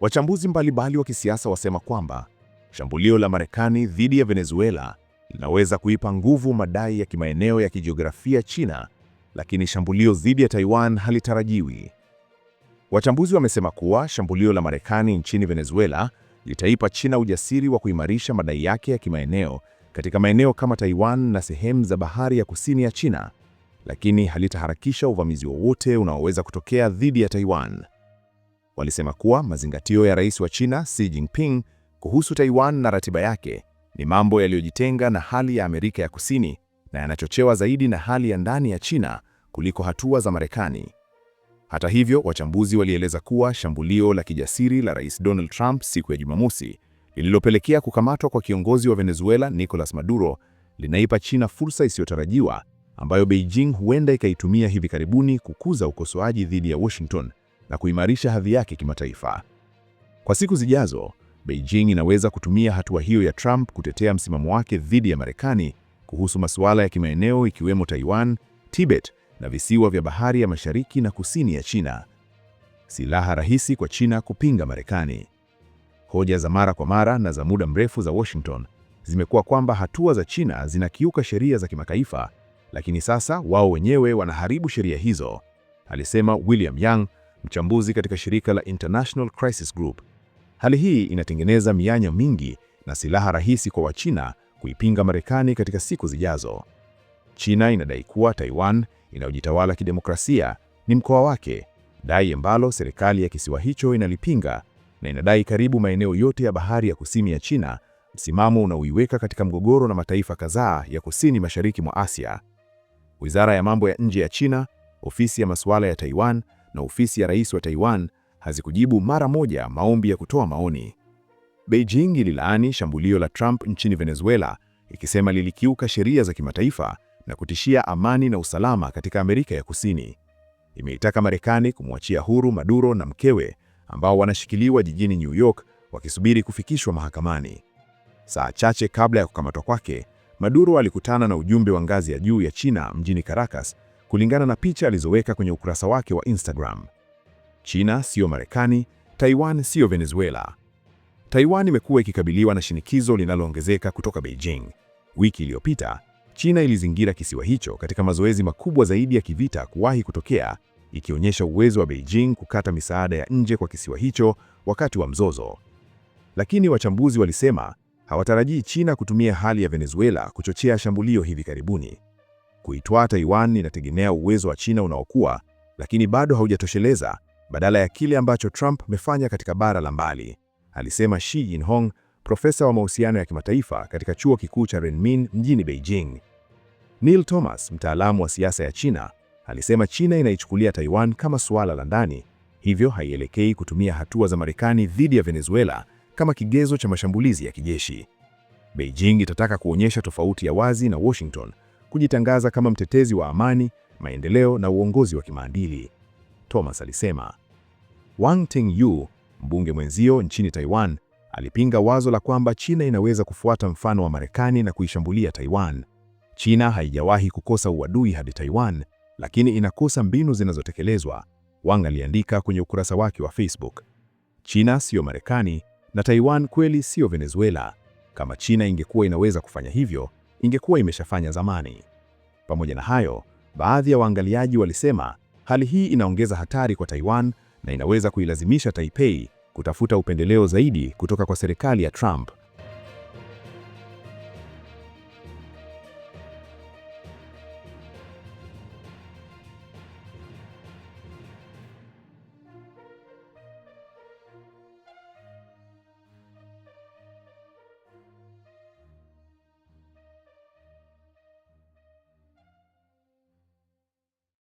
Wachambuzi mbalimbali wa kisiasa wasema kwamba shambulio la Marekani dhidi ya Venezuela linaweza kuipa nguvu madai ya kimaeneo ya kijiografia China, lakini shambulio dhidi ya Taiwan halitarajiwi. Wachambuzi wamesema kuwa shambulio la Marekani nchini Venezuela litaipa China ujasiri wa kuimarisha madai yake ya kimaeneo katika maeneo kama Taiwan na sehemu za bahari ya kusini ya China, lakini halitaharakisha uvamizi wowote unaoweza kutokea dhidi ya Taiwan walisema kuwa mazingatio ya rais wa China Xi Jinping kuhusu Taiwan na ratiba yake ni mambo yaliyojitenga na hali ya Amerika ya Kusini na yanachochewa zaidi na hali ya ndani ya China kuliko hatua za Marekani. Hata hivyo, wachambuzi walieleza kuwa shambulio la kijasiri la Rais Donald Trump siku ya Jumamosi lililopelekea kukamatwa kwa kiongozi wa Venezuela Nicolas Maduro linaipa China fursa isiyotarajiwa ambayo Beijing huenda ikaitumia hivi karibuni kukuza ukosoaji dhidi ya Washington na kuimarisha hadhi yake kimataifa. Kwa siku zijazo, Beijing inaweza kutumia hatua hiyo ya Trump kutetea msimamo wake dhidi ya Marekani kuhusu masuala ya kimaeneo ikiwemo Taiwan, Tibet na visiwa vya bahari ya mashariki na kusini ya China. Silaha rahisi kwa China kupinga Marekani. Hoja za mara kwa mara na za muda mrefu za Washington zimekuwa kwamba hatua za China zinakiuka sheria za kimataifa, lakini sasa wao wenyewe wanaharibu sheria hizo, alisema William Yang, mchambuzi katika shirika la International Crisis Group. Hali hii inatengeneza mianya mingi na silaha rahisi kwa Wachina kuipinga Marekani katika siku zijazo. China inadai kuwa Taiwan inayojitawala kidemokrasia ni mkoa wake, dai ambalo serikali ya kisiwa hicho inalipinga na inadai karibu maeneo yote ya bahari ya kusini ya China, msimamo unaoiweka katika mgogoro na mataifa kadhaa ya kusini mashariki mwa Asia. Wizara ya Mambo ya Nje ya China, ofisi ya masuala ya Taiwan na ofisi ya rais wa Taiwan hazikujibu mara moja maombi ya kutoa maoni. Beijing ililaani shambulio la Trump nchini Venezuela, ikisema lilikiuka sheria za kimataifa na kutishia amani na usalama katika Amerika ya Kusini. Imeitaka Marekani kumwachia huru Maduro na mkewe ambao wanashikiliwa jijini New York wakisubiri kufikishwa mahakamani. Saa chache kabla ya kukamatwa kwake, Maduro alikutana na ujumbe wa ngazi ya juu ya China mjini Caracas kulingana na picha alizoweka kwenye ukurasa wake wa Instagram. China siyo Marekani, Taiwan siyo Venezuela. Taiwan imekuwa ikikabiliwa na shinikizo linaloongezeka kutoka Beijing. Wiki iliyopita, China ilizingira kisiwa hicho katika mazoezi makubwa zaidi ya kivita kuwahi kutokea, ikionyesha uwezo wa Beijing kukata misaada ya nje kwa kisiwa hicho wakati wa mzozo. Lakini wachambuzi walisema hawatarajii China kutumia hali ya Venezuela kuchochea shambulio hivi karibuni. Kuitwaa Taiwan inategemea uwezo wa China unaokuwa, lakini bado haujatosheleza badala ya kile ambacho Trump amefanya katika bara la mbali, alisema Shi Jinhong, profesa wa mahusiano ya kimataifa katika chuo kikuu cha Renmin mjini Beijing. Neil Thomas, mtaalamu wa siasa ya China, alisema China inaichukulia Taiwan kama suala la ndani, hivyo haielekei kutumia hatua za Marekani dhidi ya Venezuela kama kigezo cha mashambulizi ya kijeshi. Beijing itataka kuonyesha tofauti ya wazi na Washington kujitangaza kama mtetezi wa amani, maendeleo na uongozi wa kimaadili. Thomas alisema Wang Ting-yu, mbunge mwenzio nchini Taiwan, alipinga wazo la kwamba China inaweza kufuata mfano wa Marekani na kuishambulia Taiwan. China haijawahi kukosa uadui hadi Taiwan, lakini inakosa mbinu zinazotekelezwa. Wang aliandika kwenye ukurasa wake wa Facebook. China siyo Marekani na Taiwan kweli siyo Venezuela. Kama China ingekuwa inaweza kufanya hivyo, ingekuwa imeshafanya zamani. Pamoja na hayo, baadhi ya waangaliaji walisema hali hii inaongeza hatari kwa Taiwan na inaweza kuilazimisha Taipei kutafuta upendeleo zaidi kutoka kwa serikali ya Trump.